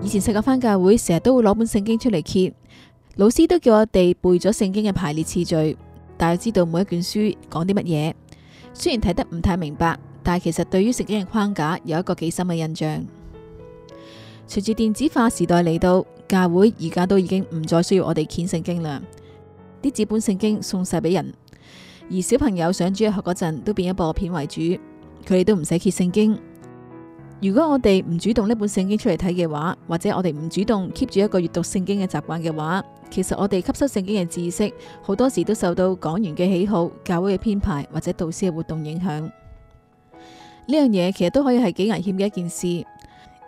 以前細個返教會成日都會攞本聖經出嚟揭，老師都叫我哋背咗聖經嘅排列次序，大概知道每一卷書講啲乜嘢。雖然睇得唔太明白，但係其實對於聖經嘅框架有一個幾深嘅印象。隨住電子化時代嚟到，教會而家都已經唔再需要我哋揭聖經啦，啲紙本聖經送晒俾人。而小朋友上主日學嗰陣都變咗播片為主，佢哋都唔使揭聖經。如果我哋唔主動呢本聖經出嚟睇嘅話，或者我哋唔主動 keep 住一個閱讀聖經嘅習慣嘅話，其實我哋吸收聖經嘅知識，好多時都受到講員嘅喜好、教會嘅編排或者導師嘅活動影響。呢樣嘢其實都可以係幾危險嘅一件事。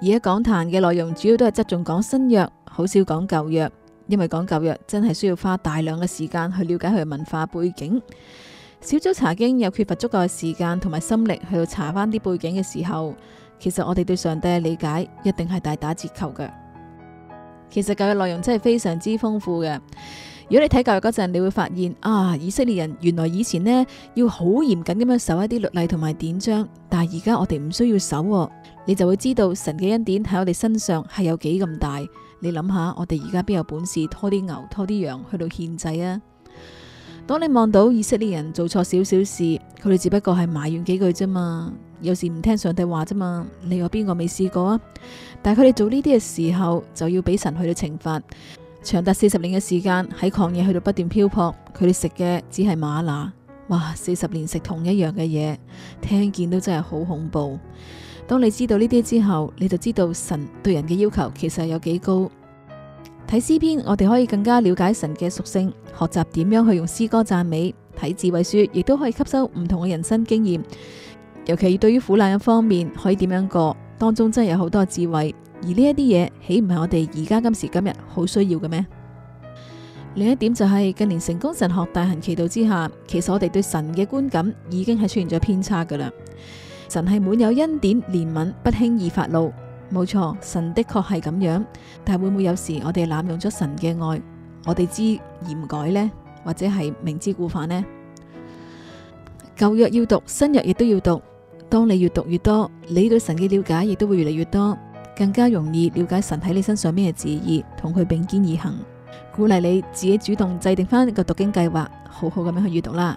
而喺講壇嘅內容，主要都係側重講新約，好少講舊約，因為講舊約真係需要花大量嘅時間去了解佢嘅文化背景。小組查經有缺乏足夠嘅時間同埋心力去到查翻啲背景嘅時候，其實我哋對上帝嘅理解一定係大打折扣嘅。其實舊約內容真係非常之豐富嘅。如果你睇舊約嗰陣，你會發現啊，以色列人原來以前呢要好嚴謹咁樣守一啲律例同埋典章，但係而家我哋唔需要守，啊，你就會知道神嘅恩典喺我哋身上係有幾咁大。你諗下，我哋而家邊有本事拖啲牛拖啲羊去到獻祭啊？當你望到以色列人做錯少少事，佢哋只不過係埋怨幾句啫嘛，有時唔聽上帝話啫嘛，你有邊個未試過啊？但係佢哋做呢啲嘅時候，就要俾神去到懲罰，長達四十年嘅時間喺曠野去到不斷漂泊，佢哋食嘅只係嗎哪，哇，四十年食同一樣嘅嘢，聽見都真係好恐怖。當你知道呢啲之後，你就知道神對人嘅要求其實係有幾高。睇詩篇，我哋可以更加了解神嘅屬性，學習點樣去用詩歌讚美。睇智慧書，亦都可以吸收唔同嘅人生經驗，尤其對於苦難嘅方面，可以點樣過，當中真係有好多智慧。而呢一啲嘢，豈唔係我哋而家今時今日好需要嘅咩？另一點就係近年成功神學大行其道之下，其實我哋對神嘅觀感已經係出現咗偏差噶啦。神係滿有恩典、憐憫，不輕易發怒。冇錯，神的確係咁樣，但係會唔會有時我哋濫用咗神嘅愛，我哋知嚴改呢，或者係明知故犯呢？舊約要讀，新約亦都要讀。當你越讀越多，你對神嘅了解亦都會越嚟越多，更加容易了解神喺你身上咩嘅旨意，同佢並肩而行。鼓勵你自己主動制定翻個讀經計劃，好好咁樣去閱讀啦。